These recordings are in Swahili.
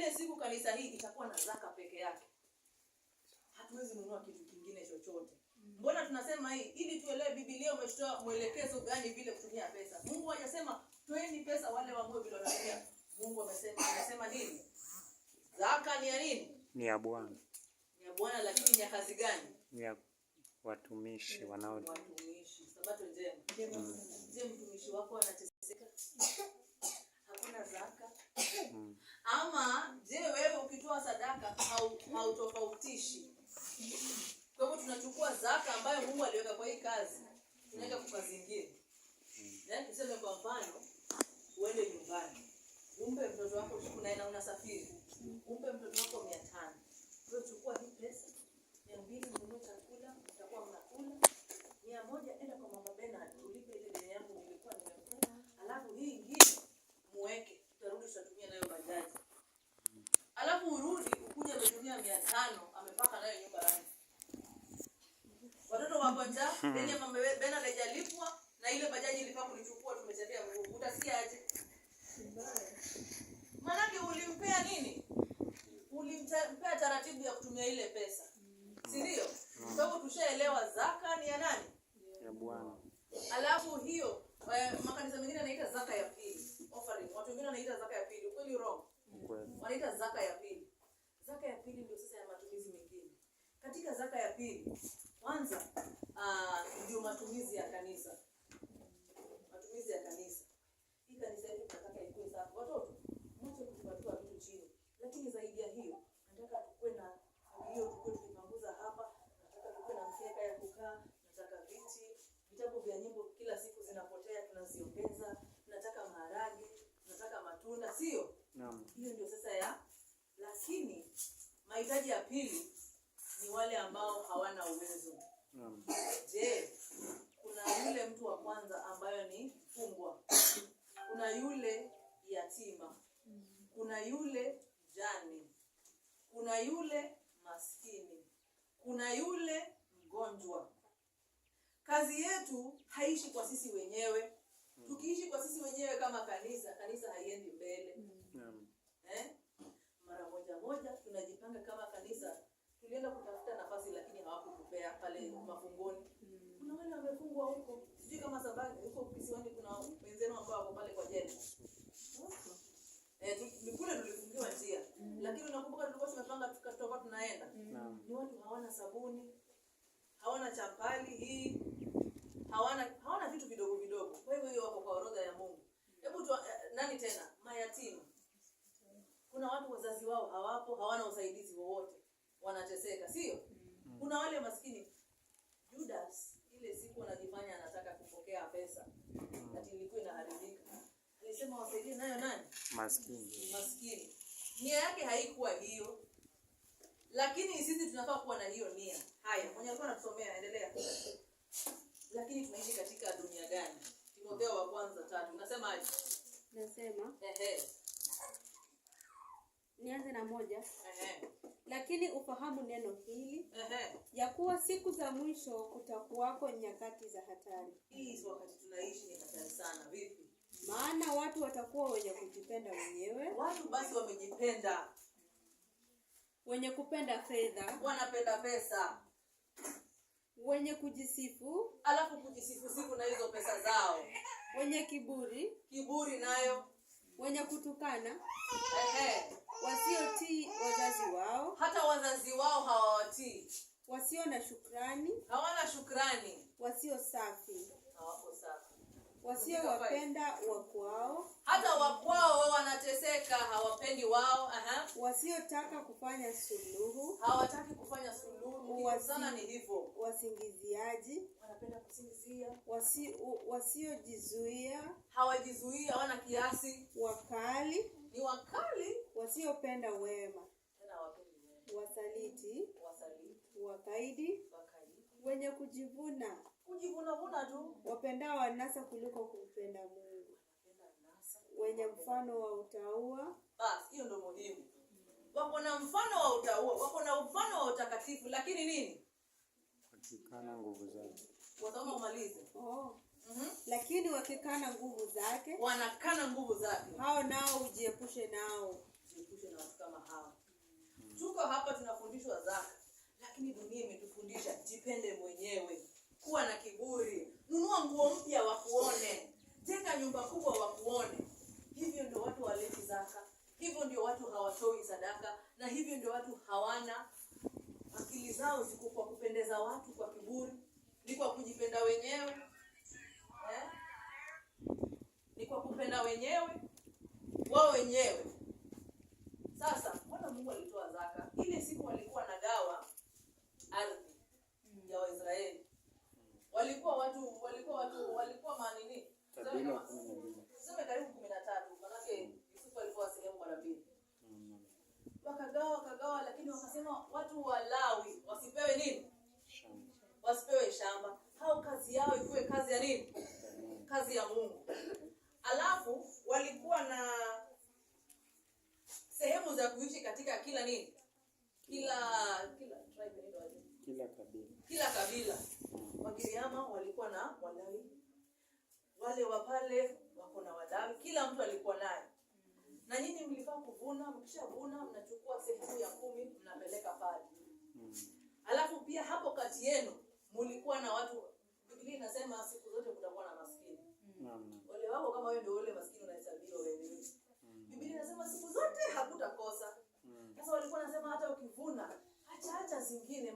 ile siku kanisa hii itakuwa na zaka peke yake, hatuwezi nunua kitu kingine chochote. Mm. Mbona tunasema hii? Ili tuelewe Biblia umetoa mwelekezo gani vile kutumia pesa. Mungu hajasema toeni pesa wale wamwe vile wanatumia. Mungu amesema amesema nini? Zaka ni ya nini? Ni ya Bwana. Ni ya Bwana, lakini ni ya kazi gani? Ni ya watumishi wanao watumishi. Sabato njema. Njema. Mm. Je, mtumishi wako anateseka? Hakuna zaka. Mm ama je, wewe ukitoa sadaka hautofautishi? Kwa hivyo tunachukua zaka ambayo Mungu aliweka kwa hii kazi, tunaweka kwa kazi yaani tuseme kwa mfano, uende nyumbani umpe mtoto wako siku na unasafiri, umpe mtoto wako mia tano, chukua hii pesa mia mbili matunda, sio? Hiyo ndio sasa ya lakini mahitaji ya pili ni wale ambao hawana uwezo. Je, kuna yule mtu wa kwanza ambayo ni fungwa, kuna yule yatima, kuna yule jani, kuna yule maskini, kuna yule mgonjwa. Kazi yetu haishi kwa sisi wenyewe tukiishi kwa sisi wenyewe kama kanisa, kanisa haiendi mbele mm. eh? mara moja moja tunajipanga kama kanisa. Tulienda kutafuta nafasi, lakini hawakutupea pale mm. mafungoni. Mm. Kuna wale wamefungwa huko, sijui kama sababu huko kisiwani kuna wenzenu ambao wako pale kwa jela Eh, ni kule tulifungiwa njia. Mm. Lakini unakumbuka tulikuwa tumepanga tukatoka tunaenda. Mm. Ni watu hawana sabuni. Hawana chapali hii hawana hawana vitu vidogo vidogo. Kwa hivyo hiyo wako kwa orodha ya Mungu. Hebu tu eh, nani tena? Mayatima. Kuna watu wazazi wao hawapo, hawana usaidizi wowote, wanateseka, sio? Mm. Kuna wale maskini. Judas ile siku anajifanya anataka kupokea pesa, Lakini mm. ilikuwa inaharibika. Alisema wasaidie nayo nani? Maskini. Maskini. Nia yake haikuwa hiyo, lakini sisi tunafaa kuwa na hiyo nia. Haya, mwenye alikuwa anatusomea, endelea. Lakini tunaishi katika dunia gani? Timotheo wa kwanza tatu aje? Nasema ehe, nianze na moja. Ehe. Lakini ufahamu neno hili ehe, ya kuwa siku za mwisho kutakuwako nyakati za hatari. Hizo wakati tunaishi ni hatari sana. Vipi? Maana watu watakuwa wenye kujipenda wenyewe. Watu basi wamejipenda, wenye kupenda fedha, wanapenda pesa wenye kujisifu, alafu kujisifu sifu na hizo pesa zao, wenye kiburi, kiburi nayo, wenye kutukana, ehe, wasiotii wazazi wao, hata wazazi wao hawawatii, wasio na shukrani, hawana shukrani, wasio safi, hawako wasiowapenda wakwao, hata wakwao wanateseka, hawapendi wao. Aha, wasiotaka kufanya suluhu, hawataki kufanya suluhu. Wasi, sana ni hivyo. Wasingiziaji, wanapenda kusingizia. Wasi, wasiojizuia, hawajizuia hawana kiasi. Wakali, ni wakali. Wasiopenda wema, tena hawapendi wema. Wasaliti, wasaliti. Wakaidi, wakaidi. Wenye kujivuna wamevuna tu. Wapendao anasa kuliko kumpenda Mungu, wenye mfano wa utaua. Basi hiyo ndio muhimu. Wako na mfano wa utaua, wako na mfano wa utakatifu, lakini nini? Wakikana nguvu zake. Wasoma umalize. Oh. Mm-hmm. Lakini wakikana nguvu zake, wanakana nguvu zake. Hao nao ujiepushe nao, ujiepushe na watu kama hao. Tuko hapa tunafundishwa zaka, lakini dunia imetufundisha jipende mwenyewe kuwa na kiburi. Nunua nguo mpya wakuone, jenga nyumba kubwa wakuone. Hivyo ndio watu waleti zaka, hivyo ndio watu hawatoi sadaka, na hivyo ndio watu hawana akili. Zao ziko kwa kupendeza watu, kwa kiburi, ni kwa kujipenda wenyewe eh? ni kwa kupenda wenyewe wao wenyewe. Sasa mbona Mungu alitoa zaka ile siku walikuwa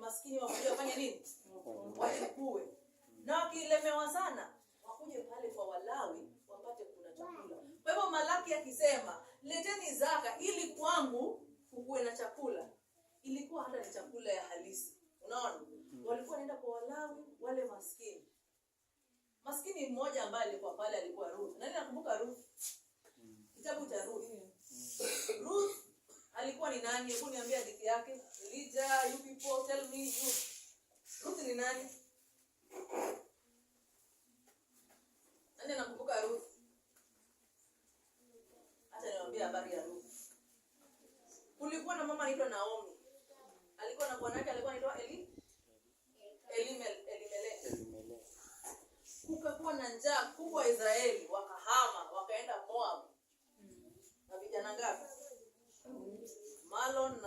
maskini wakuja wafanye nini? Walikue na wakilemewa sana wakuje pale kwa Walawi wapate kuna chakula. Kwa hivyo Malaki akisema leteni zaka ili kwangu kukuwe na chakula, ilikuwa hata ni chakula ya halisi. Unaona, mm-hmm. walikuwa naenda kwa Walawi wale maskini. Maskini mmoja ambaye alikuwa pale alikuwa Ruth. Nani nakumbuka Ruth? Mm. Kitabu cha Ruth. Mm. Ruth alikuwa ni nani? Hebu niambia hadithi yake. Lija, you people, tell me you. Ruth ni nani? Nani anakumbuka Ruth? Hata niwaambia habari ya Ruth. Kulikuwa na mama anaitwa Naomi. Alikuwa na bwana wake alikuwa anaitwa Eli. Elimel, Elimelech. Kukakuwa na njaa kubwa Israeli, wakahama, wakaenda Moab. Na vijana ngapi? Malon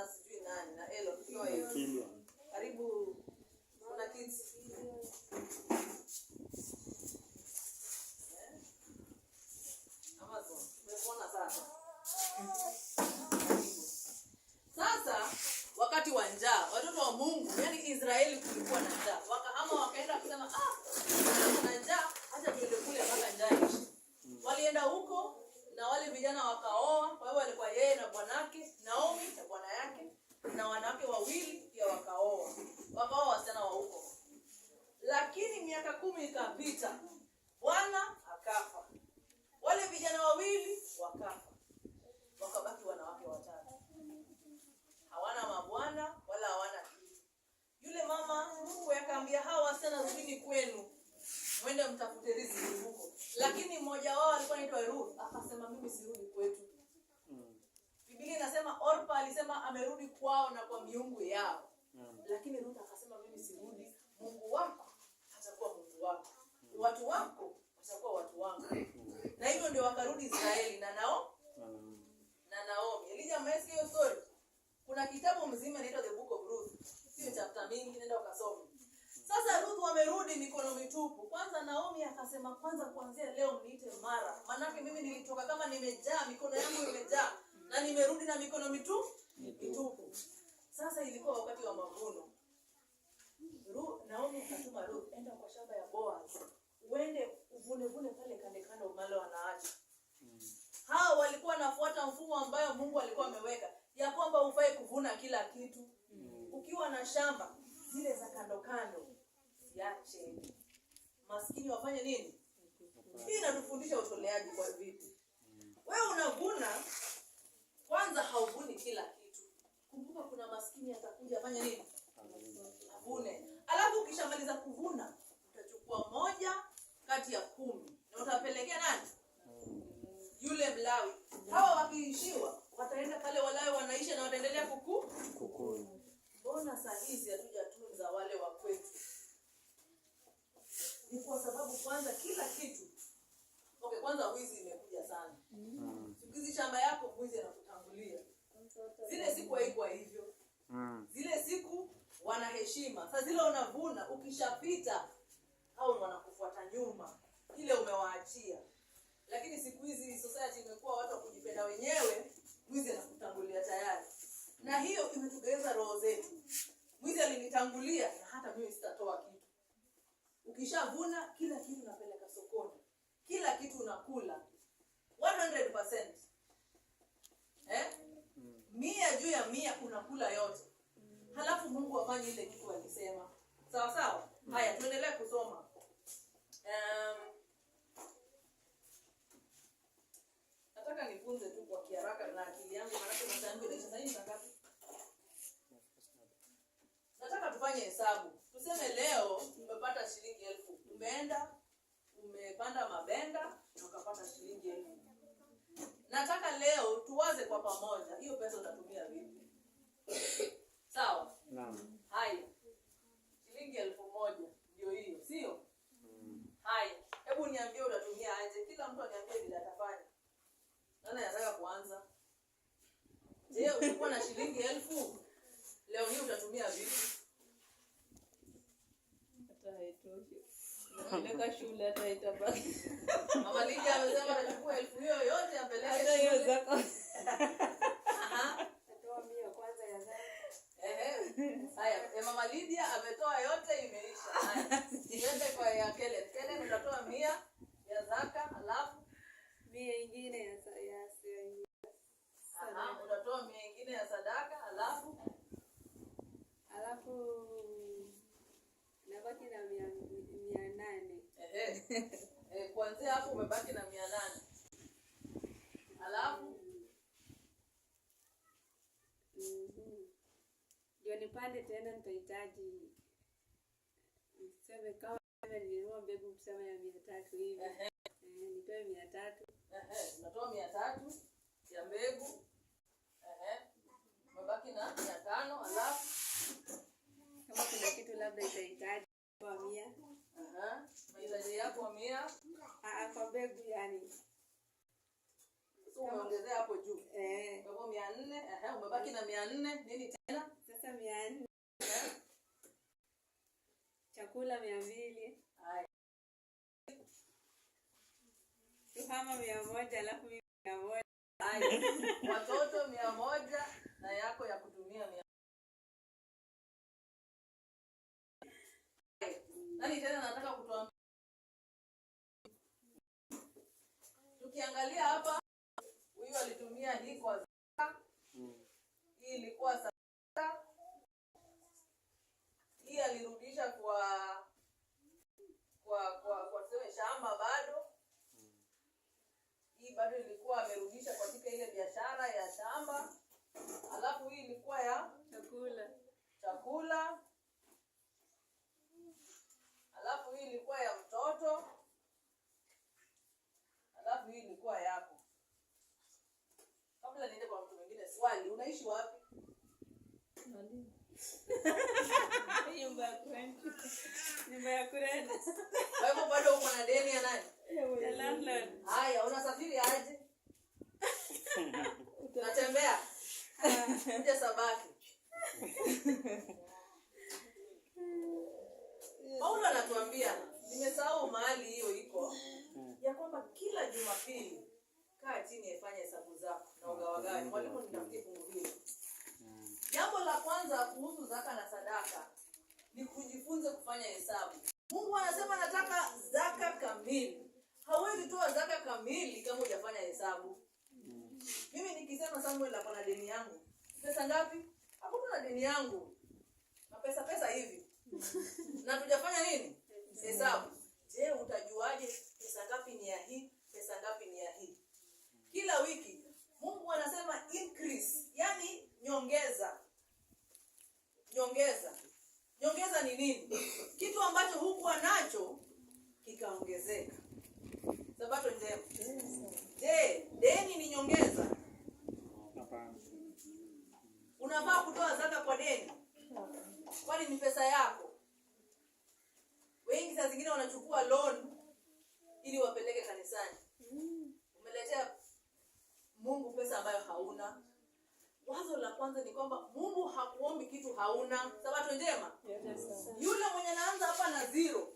njaa, watoto wa Mungu, yani Israeli kulikuwa na njaa, wakahama wakaenda kusema ah, na njaa, hata tuende kule mpaka njaa ishi. Walienda huko na wale vijana wakaoa. Kwa hiyo walikuwa yeye na bwanake Naomi na bwana yake na wanawake wawili pia wakaoa, wakaoa wasichana wa huko, lakini miaka kumi ikapita, bwana akafa, wale vijana wawili wakafa, wakabaki wanawake watatu hawana mabwana hawana kitu. Yule mama Mungu akaambia hawa wasichana rudini kwenu, mwende mtafute riziki huko, lakini mmoja wao alikuwa anaitwa Ruth akasema mimi sirudi kwetu. Biblia inasema Orpa alisema amerudi kwao na kwa miungu yao, lakini Ruth akasema mimi sirudi. Mungu wako atakuwa Mungu wako, watu wako watakuwa watu wangu. Na hivyo ndio wakarudi Israeli na nao mm. na Naomi. Elijah, mmesikia hiyo story? Kuna kitabu mzima inaitwa The Book of Ruth, sio chapter mingi, nenda ukasome. Sasa Ruth wamerudi mikono mitupu. Kwanza Naomi akasema, kwanza kuanzia leo niite Mara, maanake mimi nilitoka kama nimejaa, mikono yangu imejaa na nimerudi na mikono mitupu mitupu. Sasa ilikuwa wakati wa mavuno. Naomi akatuma Ruth, enda kwa shamba ya Boaz, uende uvunevune pale kande kando, male wanaacha. Hmm. Hao walikuwa wanafuata mfumo ambayo Mungu alikuwa ameweka ya kwamba ufai kuvuna kila kitu. Hmm. Ukiwa na shamba zile za kando kando ziache maskini wafanye nini. Hii inatufundisha utoleaji kwa vitu. Hmm. Wewe unavuna kwanza, hauvuni kila kitu. Kumbuka kuna maskini atakuja afanye nini, avune. Alafu ukishamaliza kuvuna utachukua moja kati ya kumi na utapelekea nani? Hmm. Yule Mlawi. Hawa wakiishiwa wataenda pale walawe wanaisha na wataendelea kuku Mbona saa hizi hatujatunza wale wa kwetu? Ni kwa sababu kwanza kila kitu okay, kwanza wizi imekuja sana mm. siku shamba yako mwizi anakutangulia. Zile siku haikuwa hivyo mm. zile siku wanaheshima heshima. Sasa zile unavuna ukishapita, au wanakufuata nyuma, ile umewaachia. Lakini siku hizi society imekuwa watu wa na niambie utatumia aje. Kila mtu aniambie vile atafanya. Nani anataka kuanza? Je, ulikuwa na shilingi elfu? Leo hii utatumia vipi? Hata haitoshi. Nileka shule hata haitabaki. Mama Lidia amesema anachukua elfu hiyo yote apeleke shule. Hata hiyo zako. Haya, ya Mama Lydia ametoa yote imeisha. Haya. kwa ya Kenneth. Kenneth utatoa mia ya zaka alafu mia ingine ya sadaka. mia ingine ya sadaka alafu alafu nabaki na mia, mia nane. Eh, kuanzia hapo umebaki na mia nane. Alafu mm-hmm ndio nipande tena, nitahitaji tuseme, kama nilinunua mbegu tuseme ya mia tatu hivi, eh, nitoe mia tatu natoa mia tatu ya mbegu, mabaki na mia tano alafu kama kuna kitu labda itahitaji kwa mia mahitaji yako mia ah, ah, kwa mbegu yani umeongezea hapo juu, eh. kwa hivyo mia nne umebaki na mia nne nini tena pasta mia nne chakula mia mbili tuhama mia moja alafu mimi mia moja watoto mia moja na yako ya kutumia mia nani tena nataka kutuambia, tukiangalia hapa, huyu alitumia hii kwa zaka, mm. hii ilikuwa Anaishi wapi? Nyumba ya kurenti. Nyumba ya kurenti. Kwa hivyo bado uko na deni ya nani? Ya landlord. Haya, unasafiri aje? Unatembea? Nje sabaki. Paulo anatuambia, nimesahau mahali hiyo iko, ya kwamba kila Jumapili kaa chini, afanye hesabu zako na ugawagawe. Mwalimu, nitakuja Jambo la kwanza kuhusu zaka na sadaka ni kujifunza kufanya hesabu. Mungu anasema nataka zaka kamili. Hawezi toa zaka kamili kama hujafanya hesabu. Mimi nikisema Samuel hapo na deni yangu, pesa ngapi? Hakupo na deni yangu, pesa pesa hivi na tujafanya nini? Hesabu. Je, utajuaje pesa ngapi ni ya hii, pesa ngapi ni ya hii? Kila wiki Mungu anasema increase, yani nyongeza Nyongeza. Nyongeza ni nini? Kitu ambacho hukuwa nacho kikaongezeka. Sabato njema. Je, deni ni nyongeza? Unafaa kutoa zaka kwa deni, kwani ni pesa yako. Wengi saa zingine wanachukua loan ili wapeleke kanisani. Umeletea Mungu pesa ambayo hauna Wazo la kwanza ni kwamba Mungu hakuombi kitu hauna. Sabato njema. Yes, yule mwenye anaanza hapa na zero,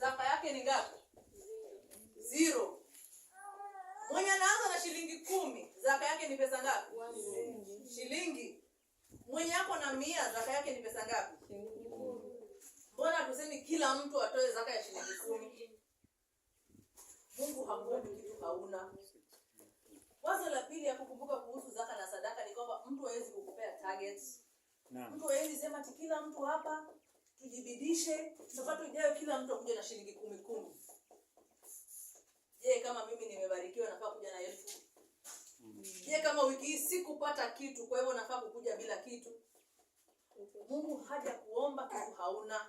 zaka yake ni ngapi? Zero. Mwenye anaanza na shilingi kumi, zaka yake ni pesa ngapi? Shilingi. Mwenye hapo na mia, zaka yake ni pesa ngapi? Mbona tuseme kila mtu atoe zaka ya shilingi kumi? Mungu hakuombi kitu hauna. Wazo la pili ya kukumbuka kuhusu zaka na sadaka ni kwamba mtu hawezi kukupea target. Naam. Mtu hawezi sema ati kila mtu hapa tujibidishe, sababu ijayo kila mtu akuja na shilingi kumi kumi. Je, kama mimi nimebarikiwa nafaa kuja na elfu? Mm. Je, kama wiki hii sikupata kitu, kwa hivyo nafaa kukuja bila kitu? Mungu haja kuomba kitu hauna.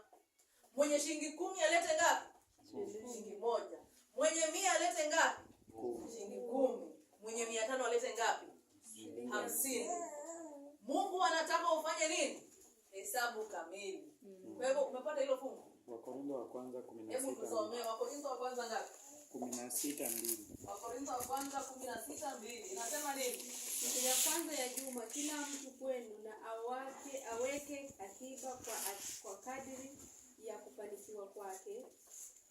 Mwenye shilingi kumi alete ngapi? Shilingi moja. Mwenye mia alete ngapi? Shilingi kumi mwenye mia tano alete ngapi? Hamsini. Mungu anataka ufanye nini? Hesabu kamili. Mm. Kwa hivyo umepata hilo fungu? Wakorintho wa kwanza 16. Hebu tusomee Wakorintho wa kwanza ngapi? 16:2. Wakorintho wa kwanza 16:2. Inasema nini? Siku ya kwanza ya juma kila mtu kwenu na awake aweke akiba kwa kwa kadiri ya kufanikiwa kwake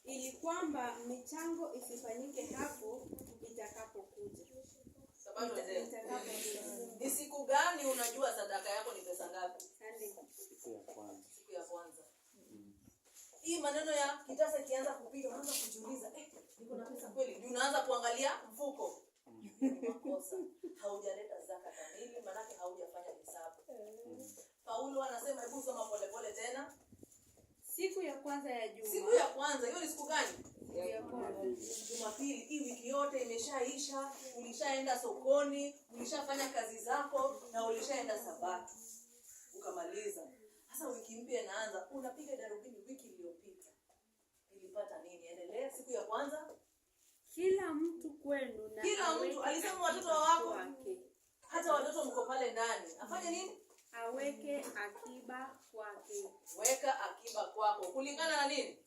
ili kwamba michango isifanyike hapo itakapokuja. Ni siku gani unajua sadaka yako ni pesa ngapi? Siku ya kwanza. Siku ya kwanza. Mm. Hii maneno ya kitasa ikianza kupiga unaanza kujiuliza, eh, kweli? Ndio unaanza kuangalia mfuko. Mm. Makosa. Haujaleta zaka kamili, maana haujafanya hesabu. Mm. Paulo anasema hebu soma pole kwanza ya juma. Siku ya kwanza hiyo ni siku gani? Jumapili. Hii wiki yote imeshaisha, ulishaenda sokoni, ulishafanya kazi zako na ulishaenda Sabato ukamaliza. Sasa wiki mpya inaanza, unapiga darubini, wiki iliyopita ilipata nini? Endelea siku ya kwanza. Kila mtu kwenu na kila mtu alisema, watoto wako, hata watoto mko pale ndani, afanye nini? aweke akiba kwake. Weka akiba kwako kulingana na nini?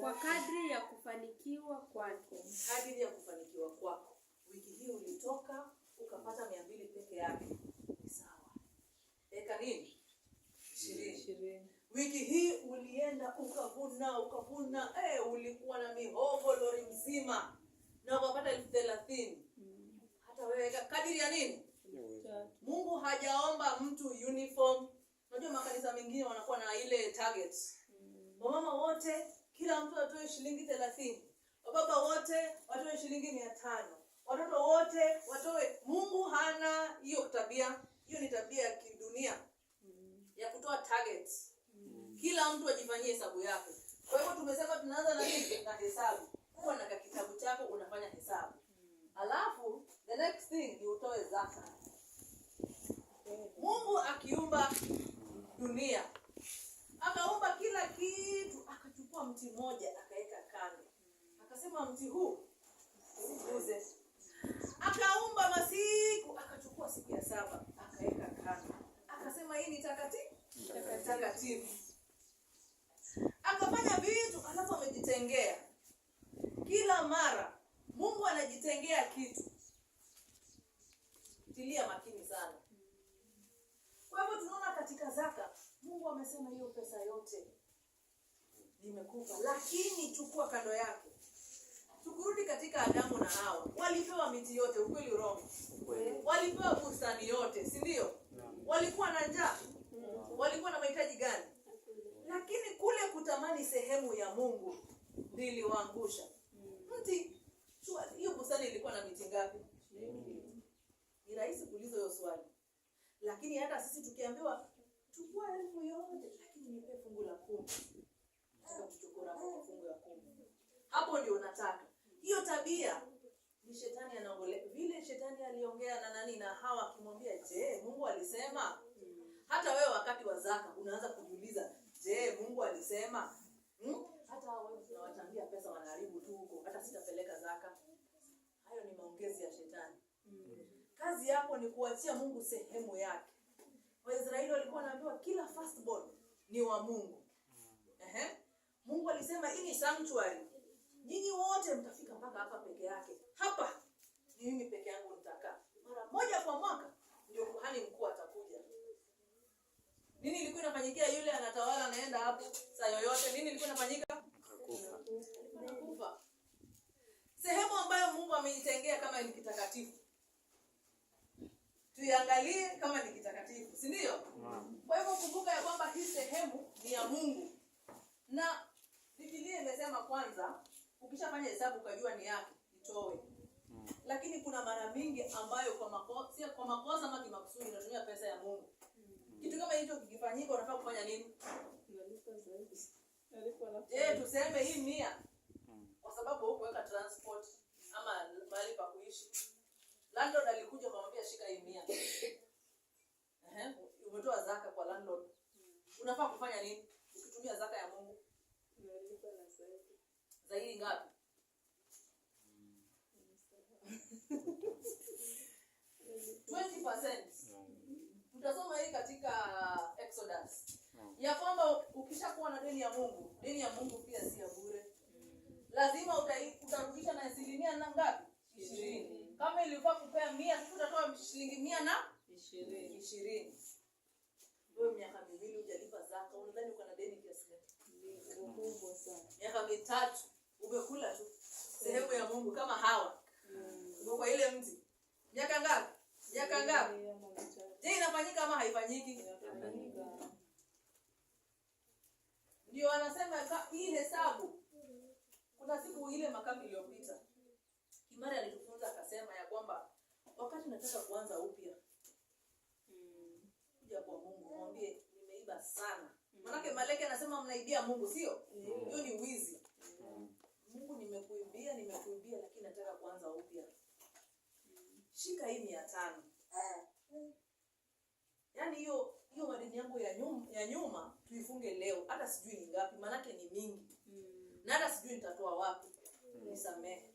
Kwa kadri ya kufanikiwa kwake. Kadri ya kufanikiwa kwako. Wiki hii ulitoka ukapata mia mbili peke yake, sawa? Weka nini? Ishirini. Wiki hii ulienda ukavuna ukavuna, eh, ulikuwa na mihogo lori mzima na ukapata elfu thelathini. Mm. Hata wewe weka kadri ya nini? Mungu hajaomba mtu uniform. Unajua makanisa mengine wanakuwa na ile target. Mm. Wamama wote kila mtu atoe shilingi thelathini, wababa wote watoe shilingi mia tano, watoto wote watoe. Mungu hana hiyo tabia. Hiyo ni tabia ya kidunia mm. ya kutoa targets. Mm. Kila mtu ajifanyie hesabu yake. Kwa hivyo tumesema tunaanza na nini? Na hesabu. Kuwa na kitabu chako unafanya hesabu, alafu the next thing ni utoe zaka. Mungu akiumba dunia akaumba kila kitu, akachukua mti mmoja akaweka kando, akasema mti huu uuze Akaumba masiku, akachukua siku ya saba akaweka kando, akasema hii ni takatifu takatifu. Akafanya vitu, alafu amejitengea. Kila mara Mungu anajitengea kitu. Tilia makini sana kwa hivyo tunaona katika zaka Mungu amesema hiyo pesa yote nimekupa, lakini chukua kando yake Tukurudi katika Adamu na Hawa, walipewa miti yote, ukweli urongo? Walipewa bustani yote, si ndio? Walikuwa na njaa, walikuwa na mahitaji gani? Lakini kule kutamani sehemu ya Mungu ndiliwaangusha mm. mti. Hiyo bustani ilikuwa na miti ngapi? Ni rahisi kuuliza hiyo swali. Lakini hata sisi tukiambiwa chukua elfu yote, lakini nipe fungu la kumi, tutachukua fungu la kumi. Hapo ndio nataka hiyo tabia ni shetani anaongea, vile shetani aliongea na nani na Hawa akimwambia, je, Mungu alisema? Hata wewe wakati wa zaka unaanza kujiuliza, je, Mungu alisema? hmm? Hata wewe tunawachangia pesa wanaharibu tu huko, hata sitapeleka zaka. Hayo ni maongezi ya shetani. Kazi yako ni kuachia Mungu sehemu yake. Waisraeli walikuwa wanaambiwa kila firstborn ni wa Mungu. Ehe. Mungu alisema hii ni sanctuary. Nyinyi wote mtafika mpaka hapa peke yake. Hapa ni mimi peke yangu nitakaa. Mara moja kwa mwaka ndio kuhani mkuu atakuja. Nini ilikuwa inafanyikia yule anatawala anaenda hapo saa yoyote? Nini ilikuwa inafanyika? Kufa. Sehemu ambayo Mungu ameitengea kama ni kitakatifu tuiangalie kama ni kitakatifu, si ndio? Kwa hivyo kumbuka ya kwamba hii sehemu ni ya Mungu, na Biblia imesema kwanza, ukishafanya hesabu ukajua ni yake, itoe. Lakini kuna mara mingi ambayo kwa makosa, kwa makosa ama kimakusudi unatumia pesa ya Mungu. Mm. Kitu kama hicho kikifanyika, unafaa kufanya nini? Je, tuseme hii mia mm. kwa sababu hukuweka transport ama mahali pa kuishi landlord alikuja kumwambia shika hii mia ehe umetoa zaka kwa landlord unafaa kufanya nini ukitumia zaka ya mungu zaidi ngapi twenty percent tutasoma hii katika exodus ya kwamba ukishakuwa na deni ya mungu deni ya mungu pia si ya bure lazima utarudisha na asilimia na ngapi ishirini kama ilikuwa kupea mia, sasa utatoa shilingi mia na ishirini ishirini. Ndio miaka miwili hujalipa zaka, unadhani uko na deni kiasi gani? Kubwa sana. Miaka mitatu umekula tu sehemu ya Mungu kama hawa mm. uko kwa ile mti miaka ngapi? Miaka ngapi? Je, inafanyika ama haifanyiki? Ndio wanasema hii hesabu. Kuna siku ile makambi iliyopita Kimara alitufunza mtu akasema ya kwamba wakati nataka kuanza upya mm. kuja kwa Mungu mm. mwambie nimeiba sana mm. manake Maleke anasema mnaibia Mungu sio mm. hiyo ni wizi mm. Mungu nimekuibia nimekuibia lakini nataka kuanza upya mm. shika hii mia tano mm. yaani hiyo hiyo madeni yangu ya nyuma, ya nyuma tuifunge leo hata sijui ni ngapi manake ni mingi mm. na hata sijui nitatoa wapi mm. nisamehe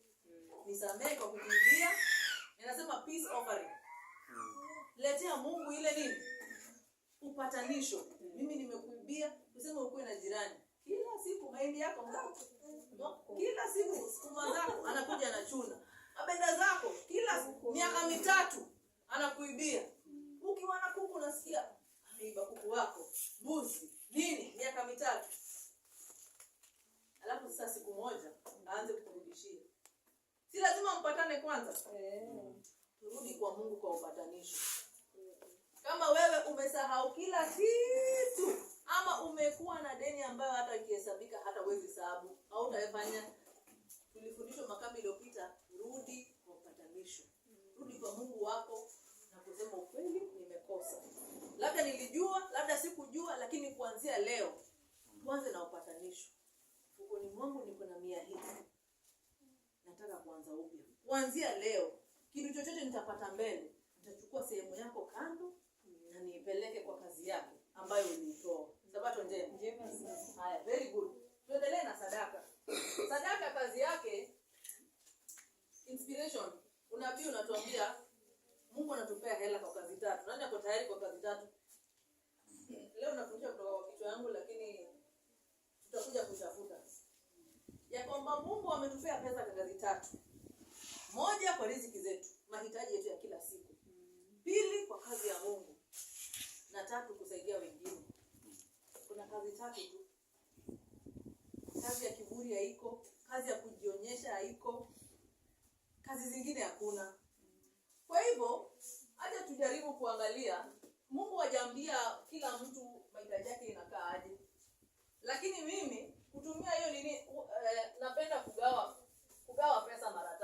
nisamehe kwa kukimbia. Ninasema peace offering. Hmm. Letea Mungu ile nini? Upatanisho. Mimi nime yake ambayo uliitoa. Sabato njema. Haya, very good. Tuendelee na sadaka. Sadaka kazi yake inspiration, unabii unatuambia Mungu anatupea hela kwa kazi tatu. Nani ako tayari kwa kazi tatu? Leo nafundisha kutoka kwa kichwa yangu, lakini tutakuja kuitafuta ya kwamba Mungu ametupea pesa kwa kazi tatu. Moja kwa riziki zetu, mahitaji yetu ya kila siku. Pili kwa kazi ya Mungu na tatu kusaidia wengine. Kuna kazi tatu tu. Kazi ya kiburi haiko, kazi ya kujionyesha haiko, kazi zingine hakuna. Kwa hivyo acha tujaribu kuangalia, Mungu hajaambia kila mtu mahitaji yake inakaa aje, lakini mimi kutumia hiyo nini, uh, napenda kugawa kugawa pesa mara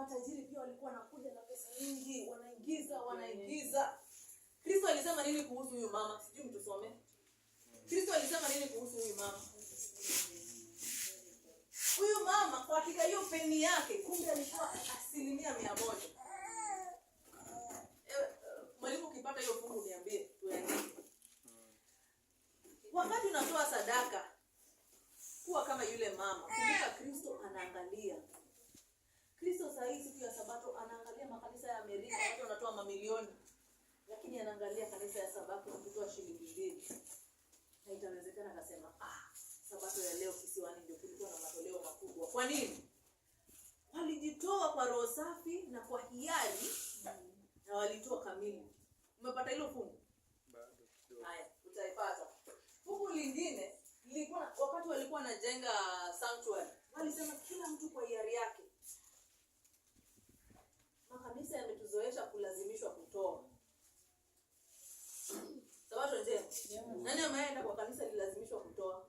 kupata injili pia walikuwa wanakuja na pesa nyingi, wanaingiza wanaingiza. Kristo alisema nini kuhusu huyu mama? Sijui mtusome. Kristo alisema nini kuhusu huyu mama? Huyu mama kwa hakika hiyo peni yake kumbe alikuwa asilimia mia moja. Eh, mwalimu, ukipata hiyo fungu niambie tuandike. Wakati unatoa sadaka, kuwa kama yule mama. Kumbuka Kristo anaangalia Kristo saa hii siku ya Sabato anaangalia makanisa ya Amerika watu wanatoa mamilioni, lakini anaangalia kanisa ya Sabato kutoa shilingi mbili, na itawezekana akasema, ah, Sabato ya leo kisiwani ndio kulikuwa na matoleo makubwa. Kwa nini? Walijitoa kwa roho safi na kwa hiari na walitoa kamili. Umepata hilo fungu? Haya, utaipata. Fungu lingine lilikuwa wakati walikuwa wanajenga sanctuary, walisema kila mtu kwa hiari yake kutoa. Sabato nje. Nani ambaye anaenda kwa kanisa alilazimishwa kutoa?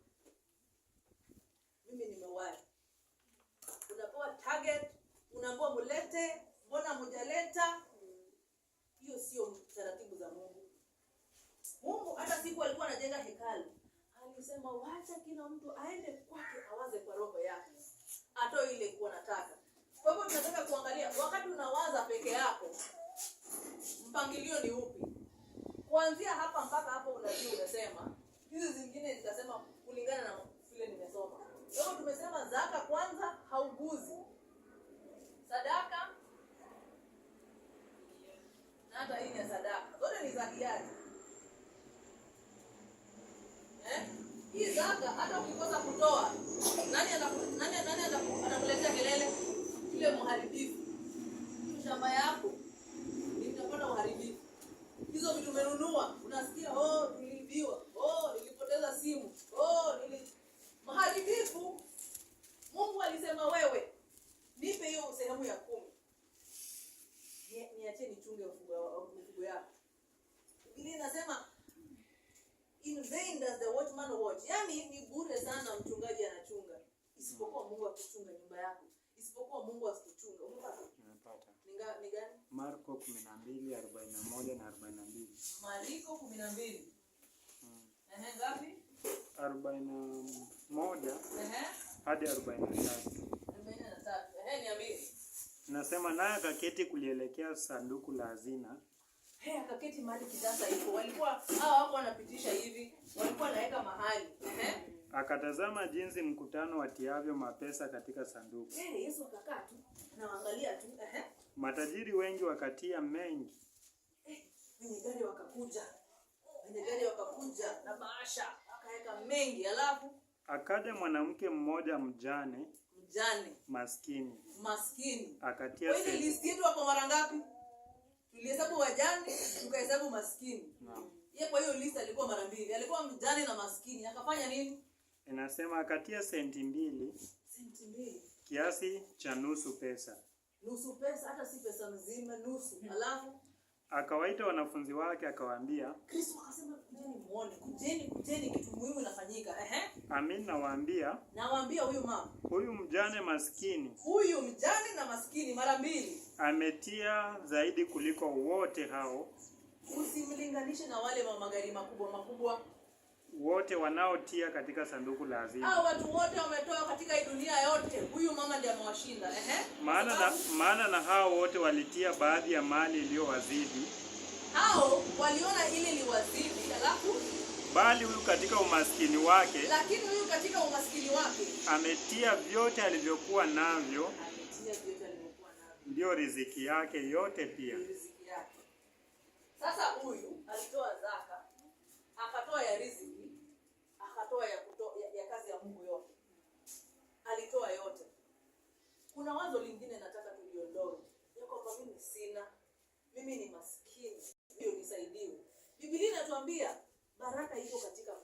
Mimi nimewahi. Unapewa target, unaambiwa mulete, mbona mjaleta? Hiyo sio taratibu za Mungu. Mungu hata siku alikuwa anajenga hekalu, alisema wacha kila mtu aende kwake awaze kwa roho yake. Atoe ile kuwa nataka. Kwa hivyo tunataka kuangalia wakati unawaza peke yako, mpangilio ni upi? Kuanzia hapa mpaka hapo, unajua unasema hizi zingine zikasema kulingana na vile nimesoma. Kwa hivyo tumesema zaka kwanza hauguzi sadaka na hata hii ya sadaka zote ni za hiari eh? Hii zaka hata ukikosa kutoa nani nani anakuletea kelele? ile mharibifu shamba yako Anasema wewe nipe hiyo sehemu ya kumi, niachie nichunge mifugo yako. Biblia inasema in vain does the watchman watch, yaani ni bure sana mchungaji anachunga, isipokuwa Mungu akichunga nyumba yako, isipokuwa Mungu asikuchunga. Ni gani? Marko 12:41 na 42. Marko 12. Ehe, ngapi? 41 hadi arobaini na tatu. Nasema naye akaketi kulielekea sanduku la hazina. Hey, akaketi mahali Walikuwa hao hapo wanapitisha hivi, walikuwa mahali. Akatazama jinsi mkutano watiavyo mapesa katika sanduku. Hey, Yesu akakaa tu na tu. Matajiri wengi wakatia mengi. Hey, wenye gari wakakuja. Wenye gari wakakuja na maasha, wakaweka mengi alafu Akaja mwanamke mmoja mjane mjane maskini maskini, akatia senti. Kwani listi yetu hapo mara ngapi? Tulihesabu wajane tukahesabu maskini. Naam. Yeye kwa hiyo list alikuwa mara mbili, alikuwa mjane na maskini. Akafanya nini? Inasema akatia senti mbili, senti mbili, kiasi cha nusu pesa. Nusu pesa, hata si pesa mzima, nusu. Alafu Akawaita wanafunzi wake akawaambia, Kristo akasema kujeni muone, kujeni kujeni, kitu muhimu inafanyika. Ehe, amin, nawaambia nawaambia, huyu mama, huyu mjane maskini, huyu mjane na maskini mara mbili ametia zaidi kuliko wote hao. Usimlinganishe na wale wa magari makubwa makubwa wote wanaotia katika sanduku la azima. Hao watu wote wametoa katika hii dunia yote, huyu mama ndiye amewashinda. Ehe, maana na maana na hao wote walitia baadhi ya mali iliyo wazidi, Hao waliona hili ni wazidi, alafu bali huyu katika umaskini wake, lakini huyu katika umaskini wake ametia vyote alivyokuwa navyo, ametia vyote alivyokuwa navyo, ndio riziki yake yote pia. Riziki yake sasa, huyu alitoa zaka akatoa ya riziki alitoa yote. Kuna wazo lingine nataka tuliondoe ya kwamba mimi sina, mimi ni maskini, hiyo nisaidiwe. Biblia inatuambia baraka iko katika